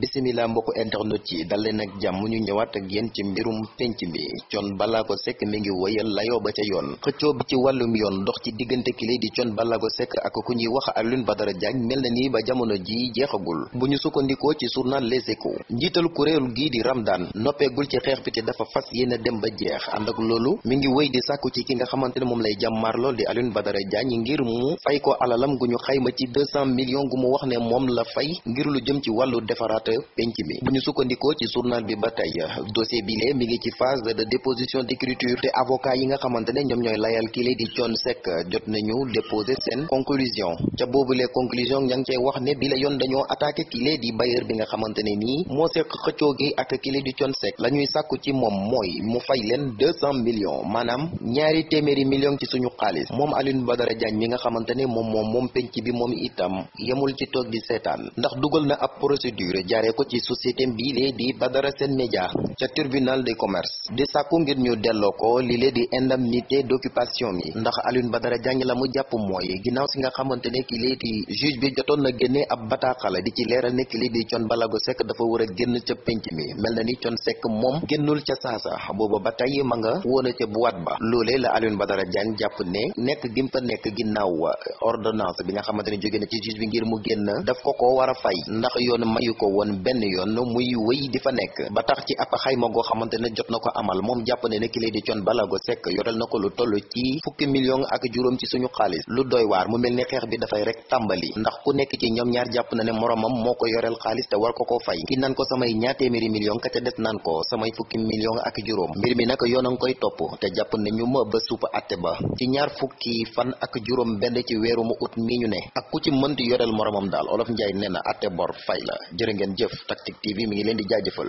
bisimila mbokk internet yi dal leen ak jàmm ñu ñëwaat ak yéen ci mbirum penc mi Thione Ballago Seck mi ngi wëyal layoo ba ca yoon xëccoo bi ci wàllum yoon ndox ci diggante ki kile di Thione Ballago Seck ak ku ñuy wax Alioune Badara Diagne mel na nii ba jamono ji jeexagul bu ñu sukkandikoo ci journal Les Échos njiital kuréel gii di Ramdan noppeegul ci xeex bi te dafa fas yéene dem ba jeex ànd ak loolu mi ngi wëy di sàkku ci ki nga xamante ne moom lay jàmmaar lool di Alioune Badara Diagne ngir mu fay ko alalam gu ñu xayma ci 200 millions mu wax ne moom la fay ngir lu jëm ci wàllu defaraat xew penc mi bu ñu sukkandikoo ci journal bi ba tey dossier bi mi ngi ci phase de déposition d'écriture te avocat yi nga xamante ñoom ñooy layal kii di Thione jot nañu déposer seen conclusion ca boobule conclusion ña ngi wax ne bi yoon dañoo attaqué kii di bailleur bi nga xamante nii moo seq xëccoo gi ak kii di Thione Seck sàkku ci moom mooy mu fay leen deux cent millions maanaam ñaari téeméeri millions ci suñu xaalis moom Alioune Badara Diagne mi nga xamante jaaree ko ci société bii di Badara Sen Média ca tribunal de commerce di sàkku ngir ñu delloo ko li lee di indemnité d'occupation mi ndax Alioune Badara Diagne la mu jàpp si nga xamante ne ki lee di juge bi jotoon na génnee ab bataaxala di ci leeral ne ki di Thione Ballago Seck dafa war a génn ca penc mi mel na ni Thione Seck moom génnul ca saasa booba ba tey ma nga woon ca boîte ba loolee la Alioune Badara Diagne jàpp ne nekk gi mu fa nekk ginnaaw ordonnance bi nga xamante ne jóge na ci juge bi ngir mu génn daf ko ko war a fay ndax yoon mayu ko woon askan benn yoon muy wéy di fa nekk ba tax ci ab xayma goo xamante ne jot na ko amal moom jàpp ne ne kilé di Thione Ballago Seck yoral na ko lu toll ci fukki million ak juróom ci suñu xaalis lu doy waar mu mel ni xeex bi dafay rek tàmbali ndax ku nekk ci ñoom ñaar jàpp na ne moromam moo ko yoreel xaalis te war ko koo fay ki nan ko samay ñaatéeméeri million ka ca des naan ko samay fukki million ak juróom mbir mi nag yoonanga koy topp te jàpp nañu ma ba suupa atte ba ci ñaar fukki fan ak juróom benn ci weeru mu ut mi ñu ne ak ku ci mënti yoreel moromam daal olof njaay nee na atte bor fay la jërë ngeen jërëjëf Tactic TV mi ngi leen di jaajëfal